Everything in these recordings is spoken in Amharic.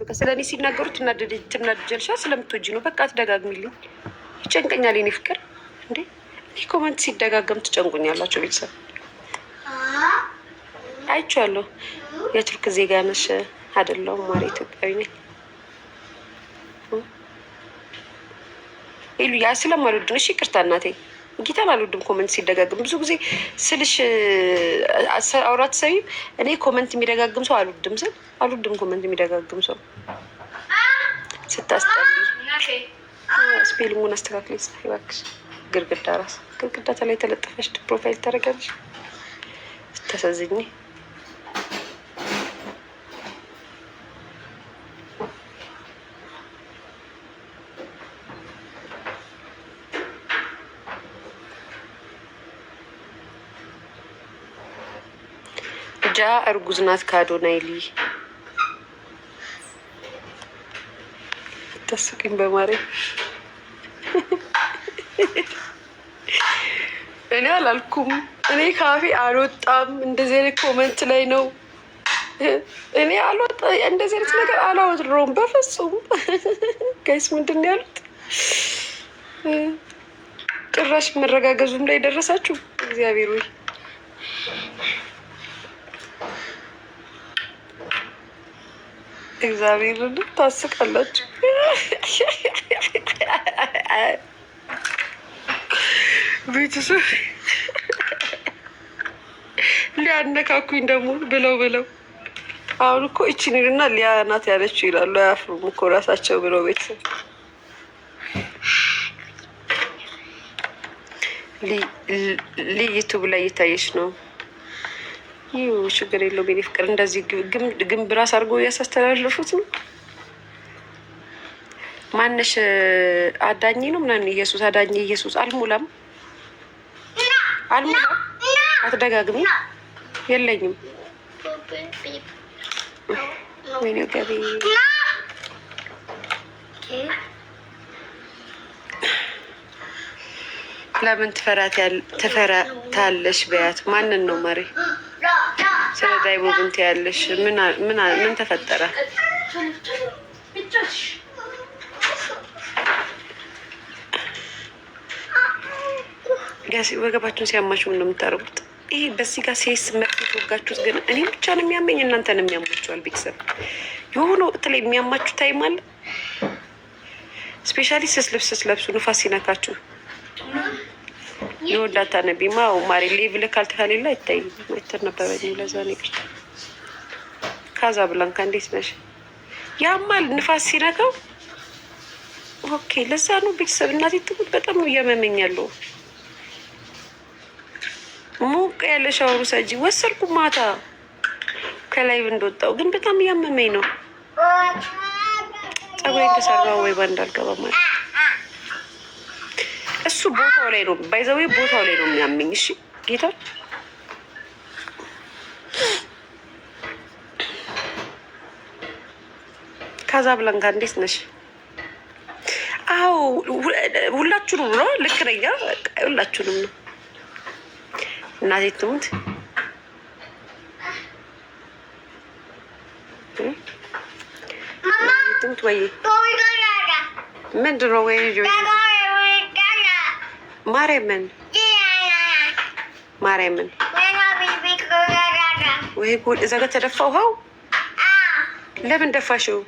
በቃ ስለ እኔ ሲናገሩ ትናደጀልሻል። ስለምትወጂ ነው። በቃ አትደጋግሚልኝ። ይጨንቀኛል። የኔ ፍቅር እንዴ ይህ ኮመንት ሲደጋገም ትጨንቁኛላችሁ። ቤተሰብ አይቼዋለሁ። የቱርክ ዜጋ ነሽ አይደለሁም? ማሪ ኢትዮጵያዊ ነኝ ይሉ ያ ስለማልወድ ነው። እሺ ይቅርታ እናቴ ጌታን አልወድም። ኮመንት ሲደጋግም ብዙ ጊዜ ስልሽ አውራት ሰቢም እኔ ኮመንት የሚደጋግም ሰው አልወድም ስል አልወድም። ኮመንት የሚደጋግም ሰው ስታስጠል ስፔሊንጉን አስተካክል እባክሽ። ግርግዳ ራስ ግርግዳ ተላይ የተለጠፈች ፕሮፋይል ታደርጋለች ስታሳዝኝ ልጃ እርጉዝ ናት ከአዶናይ ሊ ታስቂኝ በማርያም እኔ አላልኩም። እኔ ካፌ አልወጣም። እንደዚህ አይነት ኮመንት ላይ ነው እኔ አልወጣ እንደዚህ አይነት ነገር አላወድረውም በፍጹም። ጋይስ ምንድን ነው ያሉት? ጭራሽ መረጋገዙም ላይ ደረሳችሁ። እግዚአብሔር ወይ እግዚአብሔርን ታስቃላችሁ። ቤተሰብ ሊያነካኩኝ ደግሞ ብለው ብለው አሁን እኮ እችን እና ሊያ ናት ያለችው ይላሉ። አያፍሩም እኮ ራሳቸው ብለው ቤተሰብ ሊ ዩቱብ ላይ እየታየች ነው። ይህ ችግር የለው ቤኔ ፍቅር እንደዚህ ግንብ ራስ አድርጎ እያሳስተላለፉት ነው። ማነሽ አዳኝ ነው ምናምን ኢየሱስ አዳኝ ኢየሱስ አልሙላም አልሙላም አትደጋግሚ የለኝም ወይኔ ገቢ ለምን ትፈራታለሽ? በያት ማንን ነው መሬ ስለ ዳይቦ ብንት ያለሽ ምን ተፈጠረ? ወገባችሁን ሲያማችሁ ምን ነው የምታደርጉት? ይሄ በዚህ ጋር ሴስ መርፌ የተወጋችሁት ግን እኔ ብቻ ነው የሚያመኝ? እናንተ ነው የሚያማችኋል? ቤተሰብ የሆነ ወቅት ላይ የሚያማችሁ ታይም አለ። ስፔሻሊ ስስ ልብስ ስለብሱ ንፋስ ሲነካችሁ የወዳታ ነቢማ ማሪ ሌቭል ካልተካሌለ አይታይም አይተነበበኝ። ለዛ ነገር ካዛ ብላንካ እንዴት ነሽ? ያማል ንፋስ ሲነካው። ኦኬ ለዛ ነው ቤተሰብ እናት ትሙት በጣም ነው እያመመኝ ያለው። ሞቅ ያለ ሻወር ውሰጂ ወሰድኩ ማታ ከላይ እንደወጣው ግን በጣም እያመመኝ ነው። ጸጉሬ ተሰራ ወይ ባንድ አልገባ ማለት እሱ ቦታው ላይ ነው ባይዘዌ ቦታው ላይ ነው የሚያመኝ። እሺ ጌታ ካዛብላንካ እንዴት ነሽ? አዎ ሁላችሁንም ነው። ልክ ነኛ። ሁላችሁንም ነው። እናቴ ትሙት ትሙት ወይ ምንድን ነው ወይ ማርያምን ማርያምን ወይ ጉድ! እዛ ጋር ተደፋ ውሃው። ለምን ደፋሽው?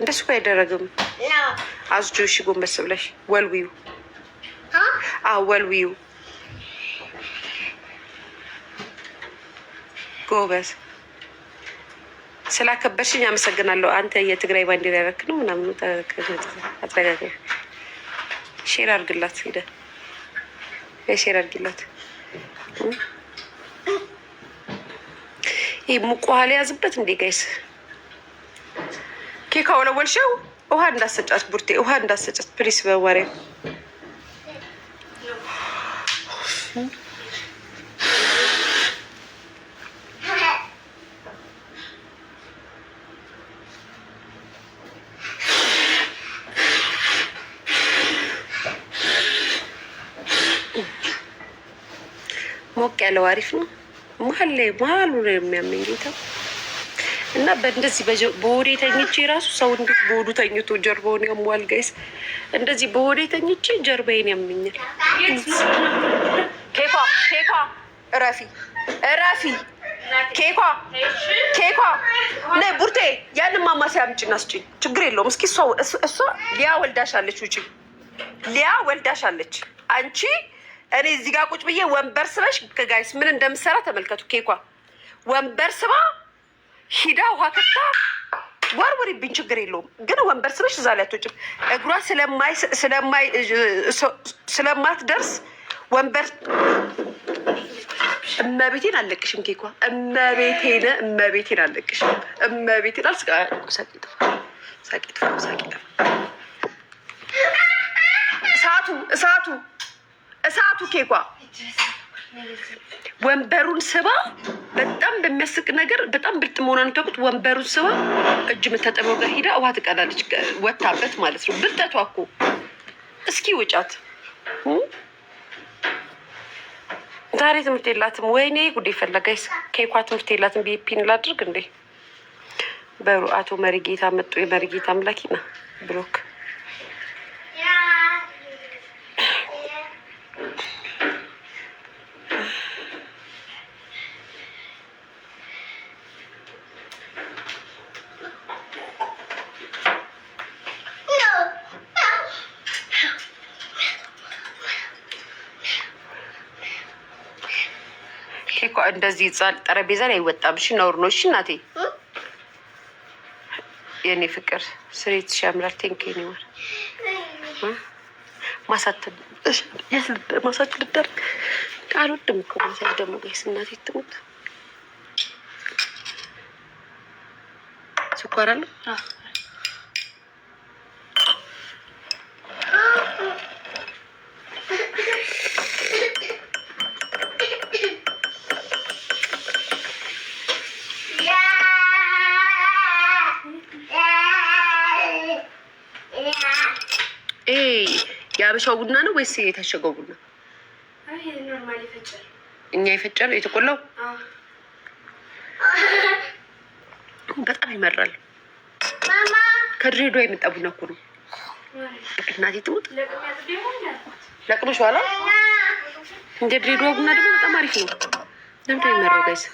እንደሱ እኮ አይደረግም። አዝጆ እሺ፣ ጎንበስ ብለሽ ወልዊዩ። አዎ ወልዊው ጎበዝ፣ ስላከበርሽኝ አመሰግናለሁ። አንተ የትግራይ ባንዲራ ያረክ ነው ምናምን አትረጋገ ሼር አድርግላት ሄደ ሼር አድርግላት። ይህ ሙቅ ውሃ ሊያዝበት እንዴ ጋይስ ኬክ አውለወልሽው። ውሃ እንዳሰጫት ቡርቴ፣ ውሃ እንዳሰጫት ፕሪስ በማርያም አሪፍ ነው። መሀል ላይ መሀሉ ነው የሚያመኝ ጌታ እና በእንደዚህ በሆዴ ተኝቼ ራሱ ሰው እንዴት በሆዱ ተኝቶ ጀርባውን ያሟል? ጋይስ እንደዚህ በሆዴ ተኝቼ ጀርባዬን ያመኛል። ኬኳ ኬኳ እረፊ እረፊ ኬኳ ኬኳ ነይ ቡርቴ፣ ያንን ማማሰያ አምጪና ስጪኝ። ችግር የለውም። እስኪ እሷ ሊያ ወልዳሻለች፣ ውጪ ሊያ ወልዳሻለች አንቺ እኔ እዚህ ጋር ቁጭ ብዬ ወንበር ስበሽ ከጋይስ ምን እንደምሰራ ተመልከቱ። ኬኳ ወንበር ስባ ሂዳ ውሃ ከፍታ ወርውሪብኝ፣ ችግር የለውም ግን ወንበር ስበሽ እዛ ላይ አትወጭም። እግሯ ስለማትደርስ ወንበር እመቤቴን አለቅሽም። ኬኳ እመቤቴን እመቤቴን አለቅሽም። እመቤቴን አልስቃ ሳቂ ጥፋ ሳቂ እሳቱ እሳቱ እሳቱ ኬኳ ወንበሩን ስባ በጣም በሚያስቅ ነገር በጣም ብልጥ መሆኗን ተቁት። ወንበሩን ስባ እጅ መታጠቢያው ጋር ሂዳ ውሃ ትቀዳለች፣ ወታበት ማለት ነው። ብልጠቷ እኮ እስኪ ውጫት። ዛሬ ትምህርት የላትም። ወይኔ ጉዴ ፈለጋይስ ኬኳ ትምህርት የላትም። ቢፒን ላድርግ እንዴ በሩ አቶ መሪጌታ መጡ። የመሪጌታ አምላኪና ብሎክ እንደዚህ ጻል ጠረጴዛ ላይ አይወጣም። እሺ ነውር ነው። እሺ እናቴ፣ የኔ ፍቅር ስሬት ያምራል። ቴንክ ኒ ኒወር ማሳት ልደርግ አልወድም እኮ ማሳት ደግሞ ጋይስ፣ እናቴ ትሙት ስኳር አለ ይሄ የአበሻው ቡና ነው ወይስ የታሸገው ቡና? እኛ የፈጨነው የተቆላው በጣም ይመራል። ከድሬዳዋ የመጣ ቡና እኮ ነው። እናቴ ትሙት ለቅመሽ ኋላ እንደ ድሬዳዋ ቡና ደግሞ በጣም አሪፍ ነው። ለምደ የሚመራው ጋይስ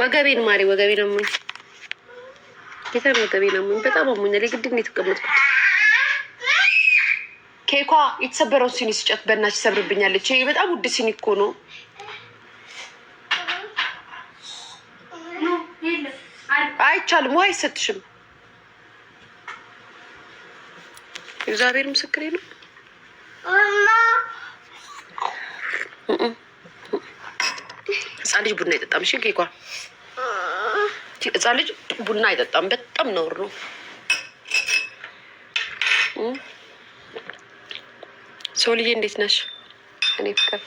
ወገቤን ማሪ ወገቤን አሞኝ ጌታ ነው። ወገቤን አሞኝ በጣም ለይ ግድ ነው የተቀመጥኩት። ኬኳ የተሰበረውን ሲኒ ስጨት በእናች ሰብርብኛለች። ይሄ በጣም ውድ ሲኒ እኮ ነው። አይቻልም ወይ አይሰጥሽም እግዚአብሔር ምስክሬ ነው። ህፃን ልጅ ቡና አይጠጣም። እሺ ጌኳ ህፃን ልጅ ቡና አይጠጣም። በጣም ነውር ነው። ሰውልዬ እንዴት ነሽ? እኔ ፍቅር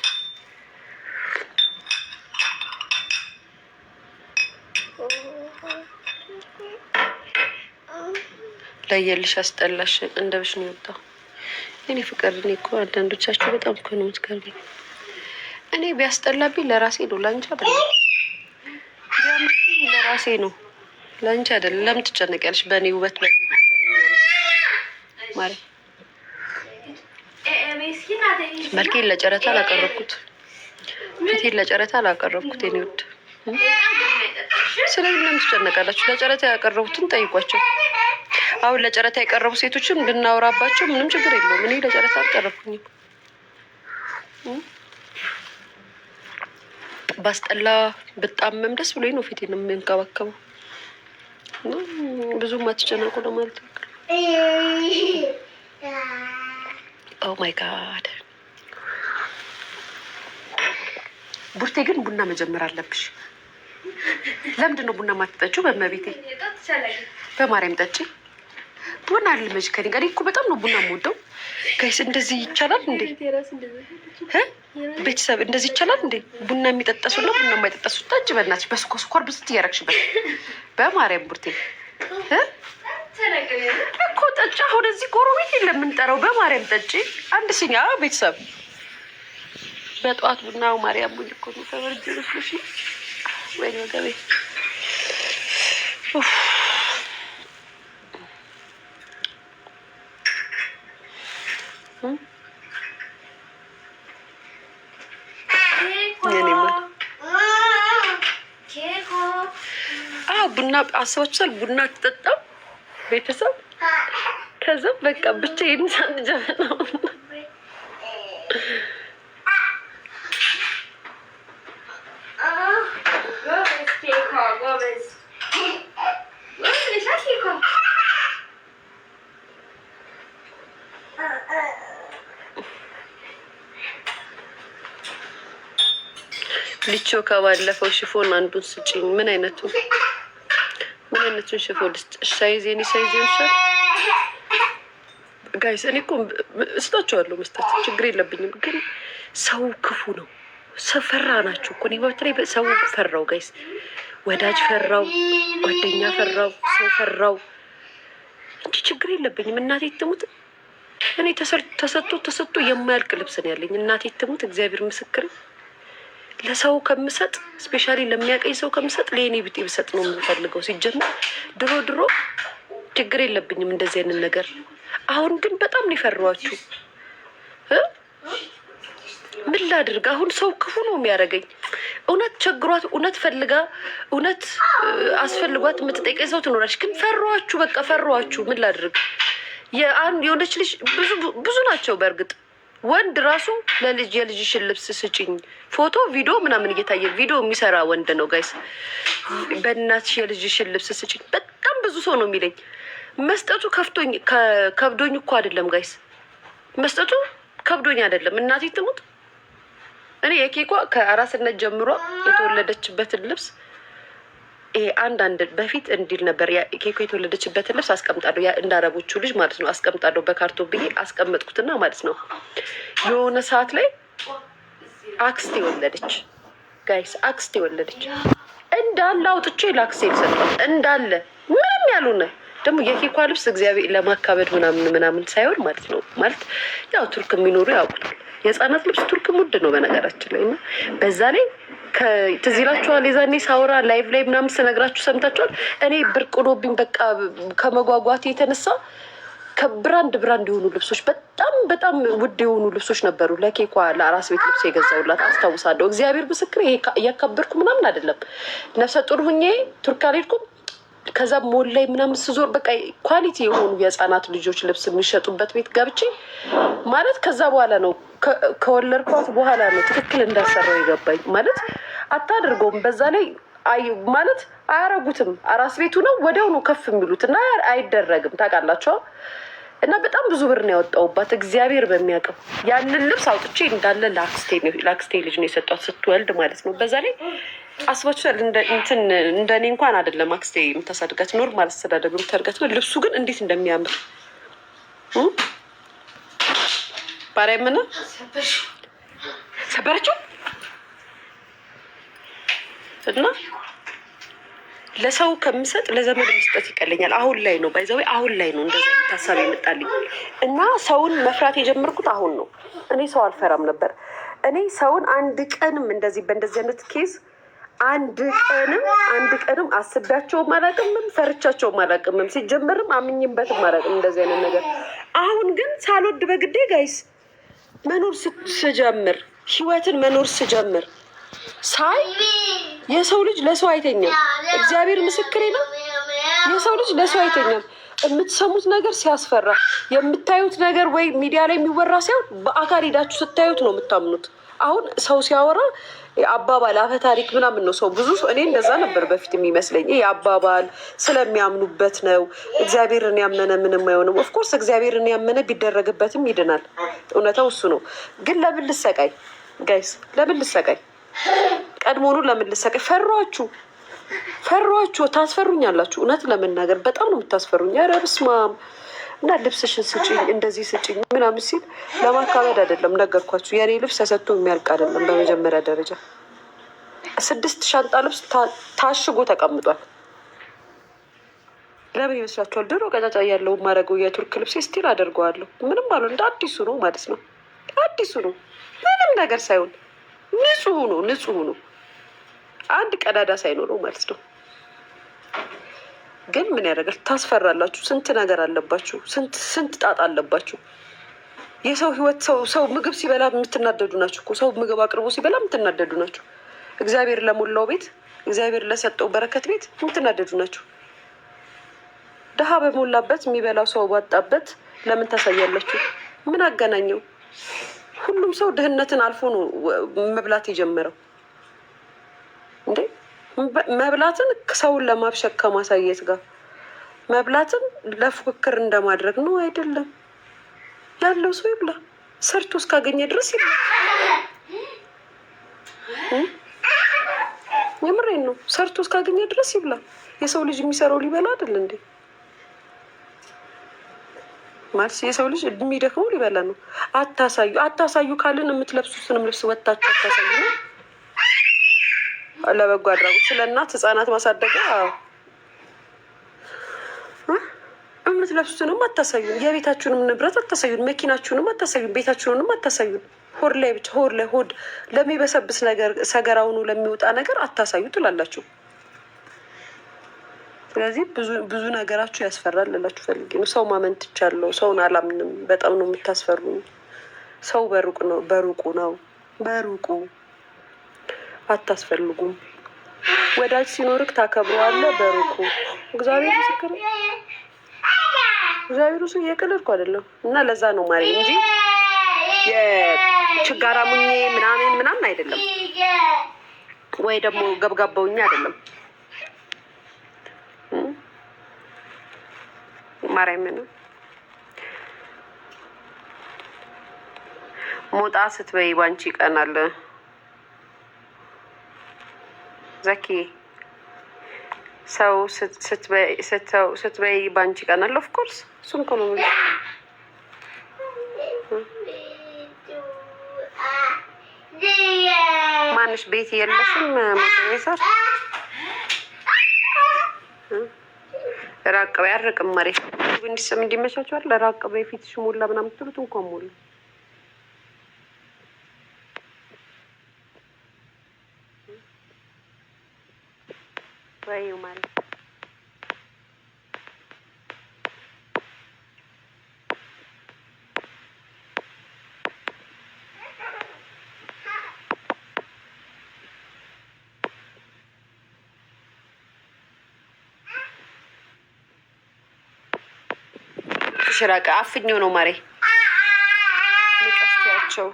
ያየልሽ አስጠላሽ እንደብሽ ነው የወጣው። እኔ ፍቅር እኔ እኮ አንዳንዶቻችሁ በጣም እኮ ነው የምትገርመኝ። እኔ ቢያስጠላብኝ ለራሴ ነው ለአንቺ አይደለም። ቢያምርብኝ ለራሴ ነው ለአንቺ አይደለም። ለምን ትጨነቂያለሽ? በእኔ ውበት ማለት መልኬን ለጨረታ አላቀረብኩት፣ ፊቴን ለጨረታ አላቀረብኩት። ኔ ውድ ስለዚህ ለምን ትጨነቃላችሁ? ለጨረታ ያቀረቡትን ጠይቋቸው። አሁን ለጨረታ የቀረቡ ሴቶችን ብናወራባቸው ምንም ችግር የለውም። እኔ ለጨረታ አልቀረብኩኝም። ባስጠላ ብጣምም ደስ ብሎኝ ነው ፊቴን የምንከባከበው። ብዙም አትጨነቁ ለማለት ኦ ማይ ጋድ ቡርቴ ግን ቡና መጀመር አለብሽ። ለምንድን ነው ቡና ማትጠጪው? በመቤቴ በማርያም ጠጪ። ቡና ልመጅ ከኔ ጋር እኮ በጣም ነው ቡና የምወደው። ጋይስ እንደዚህ ይቻላል እንዴ? ቤተሰብ እንደዚህ ይቻላል እንዴ? ቡና የሚጠጠሱ የሚጠጠሱና ቡና የማይጠጠሱ ታጅ በናች በስኮ ስኳር ብስት እያረግሽበት በማርያም ቡርቴ እኮ ጠጭ። አሁን እዚህ ጎረቤት የለም በማርያም ጠጪ አንድ ሲኒ ቤተሰብ በጠዋት ቡናው ማርያም ቡኝ እኮ ነው። ተበርጅ ወይ ወገቤ አስባችኋል? ቡና ትጠጣም ቤተሰብ ከዛ በቃ ብቻ የሚሳንድ ጀበና ልቾ ከባለፈው ሽፎን አንዱን ስጭኝ። ምን አይነቱ ማንነቱን ሽፎ ሳይዝ የኔ ሳይዝ ጋይስ እኔ እኮ መስጠት ችግር የለብኝም፣ ግን ሰው ክፉ ነው። ፈራ ናቸው እኮ በተለይ ሰው ፈራው ጋይስ፣ ወዳጅ ፈራው፣ ጓደኛ ፈራው፣ ሰው ፈራው እንጂ ችግር የለብኝም። እናቴ ትሙት እኔ ተሰጥቶ ተሰጥቶ የማያልቅ ልብስ ነው ያለኝ። እናቴ ትሙት እግዚአብሔር ምስክር ለሰው ከምሰጥ ስፔሻሊ ለሚያቀኝ ሰው ከምሰጥ ለኔ ብጤ ብሰጥ ነው የምፈልገው። ሲጀምር ድሮ ድሮ ችግር የለብኝም እንደዚህ አይነት ነገር። አሁን ግን በጣም ነው የፈራኋችሁ። ምን ላድርግ? አሁን ሰው ክፉ ነው የሚያደርገኝ። እውነት ቸግሯት፣ እውነት ፈልጋ፣ እውነት አስፈልጓት የምትጠይቀኝ ሰው ትኖራች። ግን ፈራኋችሁ፣ በቃ ፈሯችሁ ምን ላድርግ? የአንድ የሆነች ልጅ ብዙ ናቸው በእርግጥ ወንድ ራሱ ለልጅ የልጅሽን ልብስ ስጭኝ ፎቶ ቪዲዮ ምናምን እየታየ ቪዲዮ የሚሰራ ወንድ ነው ጋይስ። በእናትሽ የልጅሽን ልብስ ስጭኝ በጣም ብዙ ሰው ነው የሚለኝ። መስጠቱ ከፍቶኝ ከብዶኝ እኮ አይደለም ጋይስ፣ መስጠቱ ከብዶኝ አይደለም። እናቴ ትሙት እኔ የኬኳ ከአራስነት ጀምሮ የተወለደችበትን ልብስ ይሄ አንዳንድ በፊት እንዲል ነበር ኬኮ የተወለደችበትን ልብስ አስቀምጣለሁ እንደ አረቦቹ ልጅ ማለት ነው አስቀምጣለሁ በካርቶን ብዬ አስቀመጥኩትና ማለት ነው የሆነ ሰዓት ላይ አክስቴ ወለደች። ጋይስ አክስቴ ወለደች እንዳለ አውጥቼ ለአክስቴ ሰጠው እንዳለ ምንም ያሉነ ደግሞ የኬኳ ልብስ እግዚአብሔር ለማካበድ ምናምን ምናምን ሳይሆን ማለት ነው ማለት ያው ቱርክ የሚኖሩ ያውቁታል። የህፃናት ልብስ ቱርክም ውድ ነው በነገራችን ላይ እና በዛ ላይ ትዝ ይላችኋል? የዛኔ ሳውራ ላይቭ ላይ ምናምን ስነግራችሁ ሰምታችኋል። እኔ ብርቅ ሆኖብኝ በቃ ከመጓጓት የተነሳ ከብራንድ ብራንድ የሆኑ ልብሶች በጣም በጣም ውድ የሆኑ ልብሶች ነበሩ። ለኬኳ ለአራስ ቤት ልብስ የገዛውላት አስታውሳለሁ። እግዚአብሔር ምስክር እያከበርኩ ምናምን አይደለም። ነፍሰ ጡር ሁኜ ቱርክ አልሄድኩም። ከዛ ሞል ላይ ምናምን ስዞር በቃ ኳሊቲ የሆኑ የህፃናት ልጆች ልብስ የሚሸጡበት ቤት ገብቼ ማለት ከዛ በኋላ ነው ከወለድኳት በኋላ ነው ትክክል እንዳሰራው የገባኝ። ማለት አታደርገውም። በዛ ላይ ማለት አያረጉትም። አራስ ቤቱ ነው ወዲያውኑ ከፍ የሚሉት እና አይደረግም። ታውቃላችኋ። እና በጣም ብዙ ብር ነው ያወጣውባት እግዚአብሔር በሚያውቅም ያንን ልብስ አውጥቼ እንዳለ ለአክስቴ ልጅ ነው የሰጧት ስትወልድ ማለት ነው። በዛ ላይ አስባችኋል? እንትን እንደ እኔ እንኳን አይደለም አክስቴ የምታሳድጋት ኖርማል አስተዳደግ የምታድጋት፣ ልብሱ ግን እንዴት እንደሚያምር ባሪያ ምን ሰበረችው እና ለሰው ከምሰጥ ለዘመድ መስጠት ይቀለኛል። አሁን ላይ ነው ባይዘዌ፣ አሁን ላይ ነው እንደዚ ታሳቢ ይመጣልኝ እና ሰውን መፍራት የጀመርኩት አሁን ነው። እኔ ሰው አልፈራም ነበር። እኔ ሰውን አንድ ቀንም እንደዚህ በእንደዚህ አይነት ኬዝ አንድ ቀንም አንድ ቀንም አስቢያቸውም አላቅምም ፈርቻቸውም አላቅምም ሲጀመርም አምኝበትም አላውቅም እንደዚህ አይነት ነገር። አሁን ግን ሳልወድ በግዴ ጋይስ መኖር ስጀምር ህይወትን መኖር ስጀምር ሳይ የሰው ልጅ ለሰው አይተኛም። እግዚአብሔር ምስክሬ ነው። የሰው ልጅ ለሰው አይተኛም። የምትሰሙት ነገር ሲያስፈራ፣ የምታዩት ነገር ወይ ሚዲያ ላይ የሚወራ ሳይሆን በአካል ሄዳችሁ ስታዩት ነው የምታምኑት። አሁን ሰው ሲያወራ አባባል አፈ ታሪክ ምናምን ነው ሰው ብዙ እኔ እንደዛ ነበር በፊት የሚመስለኝ የአባባል ስለሚያምኑበት ነው። እግዚአብሔርን ያመነ ምንም አይሆንም። ኦፍኮርስ እግዚአብሔርን ያመነ ቢደረግበትም ይድናል። እውነታው እሱ ነው። ግን ለምን ልሰቃይ ጋይስ? ለምን ልሰቃይ? ቀድሞኑ ለምን ልሰቃይ? ፈሯችሁ ፈሯችሁ ታስፈሩኛላችሁ። እውነት ለመናገር በጣም ነው የምታስፈሩኝ። ኧረ በስመ አብ እና ልብስሽን ስጭኝ እንደዚህ ስጭኝ ምናምን ሲል ለማካበድ አይደለም። ነገርኳችሁ፣ የእኔ ልብስ ተሰጥቶ የሚያልቅ አይደለም። በመጀመሪያ ደረጃ ስድስት ሻንጣ ልብስ ታሽጎ ተቀምጧል። ለምን ይመስላችኋል? ድሮ ቀጫጫ ያለው ማድረገው የቱርክ ልብስ ስቲል አደርገዋለሁ። ምንም አሉ እንደ አዲሱ ነው ማለት ነው። አዲሱ ነው ምንም ነገር ሳይሆን ንጹህ ነው፣ ንጹህ ነው፣ አንድ ቀዳዳ ሳይኖረው ማለት ነው። ግን ምን ያደርጋል? ታስፈራላችሁ። ስንት ነገር አለባችሁ። ስንት ስንት ጣጣ አለባችሁ። የሰው ህይወት ሰው ሰው ምግብ ሲበላ የምትናደዱ ናችሁ እኮ ሰው ምግብ አቅርቦ ሲበላ የምትናደዱ ናችሁ። እግዚአብሔር ለሞላው ቤት እግዚአብሔር ለሰጠው በረከት ቤት የምትናደዱ ናችሁ። ድሀ በሞላበት የሚበላው ሰው ባጣበት ለምን ታሳያላችሁ? ምን አገናኘው? ሁሉም ሰው ድህነትን አልፎ ነው መብላት የጀመረው። መብላትን ሰውን ለማብሸቅ ከማሳየት ጋር መብላትን ለፉክክር እንደማድረግ ነው አይደለም። ያለው ሰው ይብላ፣ ሰርቶ እስካገኘ ድረስ ይብላ። የምሬን ነው። ሰርቶ እስካገኘ ድረስ ይብላ። የሰው ልጅ የሚሰራው ሊበላ አይደል እንዴ? ማለት የሰው ልጅ የሚደክመው ሊበላ ነው። አታሳዩ አታሳዩ ካልን የምትለብሱትንም ልብስ ወታችሁ አታሳዩ ነው ለበጎ አድራጎት ስለ እናት ህጻናት እምነት ለብሱትንም አታሳዩን፣ የቤታችሁንም ንብረት አታሳዩን፣ መኪናችሁንም አታሳዩን፣ ቤታችሁንም አታሳዩን። ሆድ ላይ ብቻ ሆድ ላይ ሆድ ለሚበሰብስ ነገር ሰገራውኑ ለሚወጣ ነገር አታሳዩ ትላላችሁ። ስለዚህ ብዙ ነገራችሁ ያስፈራል ልላችሁ ፈልጌ ነው። ሰው ማመን ትቻለሁ። ሰውን አላምንም። በጣም ነው የምታስፈሩ። ሰው በሩቁ ነው በሩቁ ነው በሩቁ አታስፈልጉም። ወዳጅ ሲኖርክ ታከብረዋለህ በሩቁ እግዚአብሔር ምስክር እግዚአብሔር ሱ እየቀለድኩ አይደለም። እና ለዛ ነው ማሪ እንጂ የችጋራ ሙኜ ምናምን ምናምን አይደለም፣ ወይ ደግሞ ገብጋባውኝ አይደለም። ማርያምን ሞጣ ስትበይ ባንቺ ይቀናል። ዘኪ ሰው ስትበይ ባንቺ ቀናል። ኦፍኮርስ እሱም እኮ ነው ማንሽ ቤት የለሽም ሞተሬሰር ራቅ በይ፣ አርቅም መሬት እንዲስም እንዲመቻቸዋል። ራቅ በይ ፊትሽ ሞላ ምናምን ትሉት እንኳን ሞላ ፍራዩ ማለት ነው። ሽራቃ አፍኛው ነው ማሬ ንቀስቸው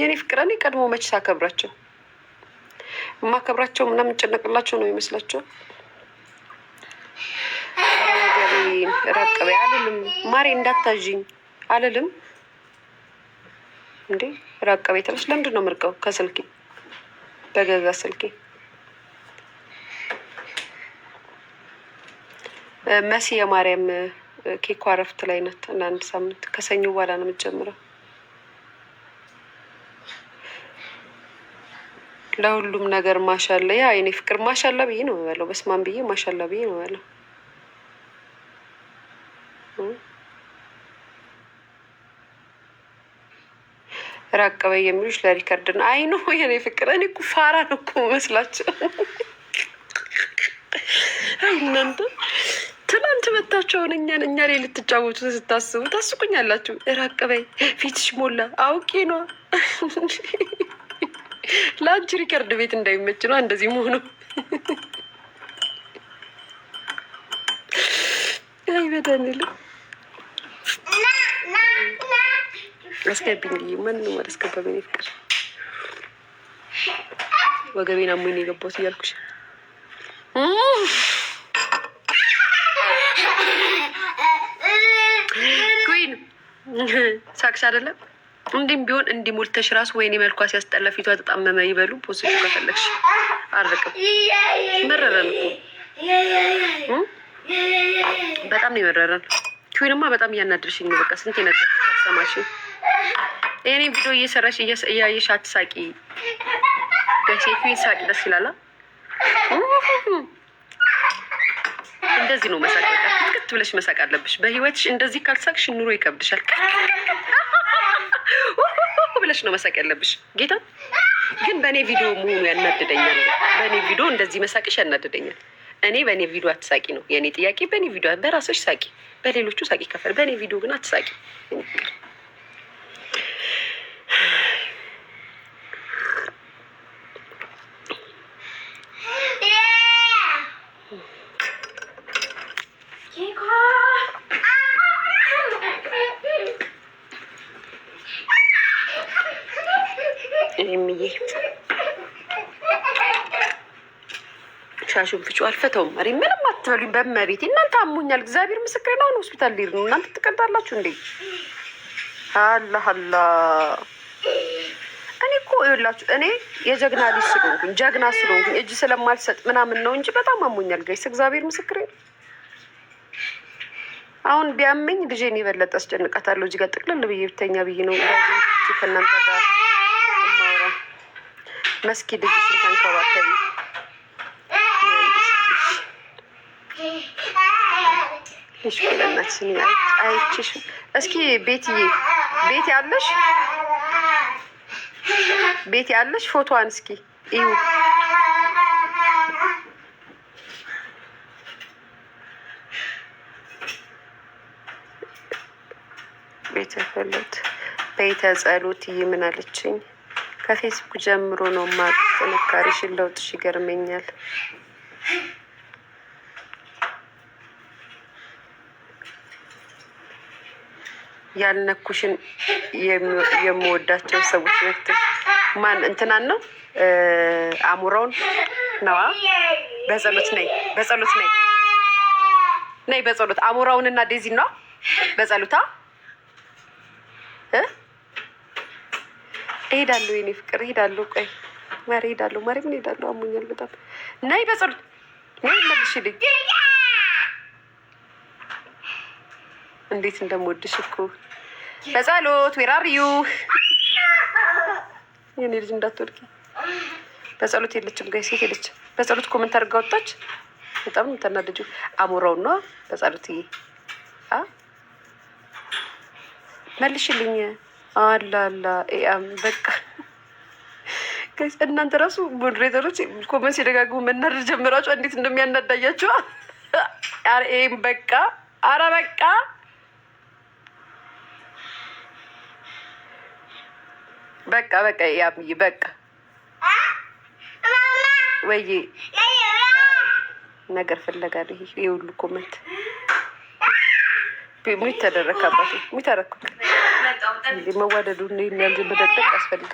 የኔ ፍቅረን ቀድሞ መች ሳከብራቸው የማከብራቸው ምናምን ጨነቅላቸው ነው ይመስላቸው። ራቀበ አልልም፣ ማሬ እንዳታዥኝ አልልም። እንዴ ራቀበ በይ ለምንድን ነው ምርቀው ከስልኬ በገዛ ስልኬ መሲ የማርያም ኬኳ እረፍት ላይ ናት። አንድ ሳምንት ከሰኞ በኋላ ነው የምትጀምረው። ለሁሉም ነገር ማሻላ ያ የኔ ፍቅር ማሻላ ብዬ ነው የምበለው። በስማም ብዬ ማሻላ ብዬ ነው የምበለው። ራቅ በይ የሚሉሽ ለሪከርድ ነው። አይ ነው የኔ ፍቅር፣ እኔ እኮ ፋራ ነው እኮ መስላቸው። አይ እናንተ ትናንት መታቸውን እኛን እኛ ላይ ልትጫወቱ ስታስቡ ታስቁኛላችሁ። ራቅ በይ ፊትሽ ሞላ አውቄ ነው ለአንቺ ሪከርድ ቤት እንዳይመች ነው እንደዚህ መሆኑ። አይ በዳንኤል አስገቢኝ ብዬሽ ማንም አላስገባም። የእኔ ፍቅር ወገቤን አሞኝ ነው እያልኩሽ ኩዊን ሳቅሽ አይደለም። እንዲህም ቢሆን እንዲህ ሞልተሽ ራሱ ወይኔ መልኳ ሲያስጠላ ፊቷ ተጣመመ ይበሉ ፖስሽ ከፈለግሽ አርቅም መረረን በጣም ነው የመረረን። ኪዊንማ በጣም እያናድርሽኝ ነው። በቃ ስንት ነ ሰማሽ? እኔ ቪዲዮ እየሰራሽ እያየሽ አትሳቂ። ኪዊን ሳቂ፣ ደስ ይላላ። እንደዚህ ነው መሳቅ። ክትክት ብለሽ መሳቅ አለብሽ በህይወትሽ። እንደዚህ ካልሳቅሽ ኑሮ ይከብድሻል። ብለሽ ነው መሳቅ ያለብሽ። ጌታ ግን በእኔ ቪዲዮ መሆኑ ያናድደኛል። በእኔ ቪዲዮ እንደዚህ መሳቅሽ ያናድደኛል። እኔ በእኔ ቪዲዮ አትሳቂ ነው የእኔ ጥያቄ። በእኔ ቪዲዮ በራሶች ሳቂ፣ በሌሎቹ ሳቂ ከፈል። በእኔ ቪዲዮ ግን አትሳቂ። የሚዬ ሻሹን ፍጩ። አልፈተውም መሪ ምንም አትበሉኝ በመቤት እናንተ አሞኛል፣ እግዚአብሔር ምስክር ነው። አሁን ሆስፒታል ልሄድ ነው። እናንተ ትቀዳላችሁ እንዴ? አላ አላ እኔ እኮ ይኸውላችሁ እኔ የጀግና ልጅ ስለሆንኩኝ ጀግና ስለሆንኩኝ እጅ ስለማልሰጥ ምናምን ነው እንጂ በጣም አሞኛል ጋይስ፣ እግዚአብሔር ምስክር። ነው። አሁን ቢያመኝ ልጄን የበለጠ አስጨንቃታለሁ። እዚህ ጋር ጥቅልል ብዬ ብተኛ ብዬ ነው ከእናንተ ጋር መስኪ ልጅሽን ተንከባከቢ። ልሽ በእናትሽን አይችሽ። እስኪ ቤትዬ ቤት ያለሽ ቤት ያለሽ ፎቶዋን እስኪ እዩ። ቤተ ጸሎት ቤተ ጸሎት ይምናለችኝ ከፌስቡክ ጀምሮ ነው ማቅ ጥንካሬሽን፣ ለውጥሽ ይገርመኛል። ያልነኩሽን የምወዳቸው ሰዎች ነክተሽ ማን እንትናን ነው አሙራውን ነዋ። በጸሎት ነይ፣ በጸሎት ነይ፣ ነይ በጸሎት አሙራውንና ዴዚን ነዋ በጸሎታ እሄዳለሁ፣ የኔ ፍቅር እሄዳለሁ። ቆይ ማሪ እሄዳለሁ፣ ማሪ ምን እሄዳለሁ፣ አሞኛል በጣም ነይ በጽር ወይ መልሽልኝ። እንዴት እንደምወድሽ እኮ በጸሎት ዌራርዩ የኔ ልጅ እንዳትወድቂ። በጸሎት የለችም፣ ጋይ ሴት የለችም። በጸሎት እኮ ምን ታደርጋ ወጣች? በጣም ነው የምታናድጂው። አሞራው ነዋ። በጸሎትዬ መልሽልኝ አላላ ያም በቃ እናንተ ራሱ ሞዴሬተሮች ኮመንት ሲደጋግሙ መናደር ጀምራችሁ እንዴት እንደሚያናዳያቸው አርኤም በቃ አረ በቃ በቃ በቃ ያምይ በቃ ወይ ነገር ፍለጋ ይሄ ሁሉ ኮመንት ሙት ተደረካባት ሙት መዋደዱ እንደሚያምዝን በደቅደቅ ያስፈልጋል።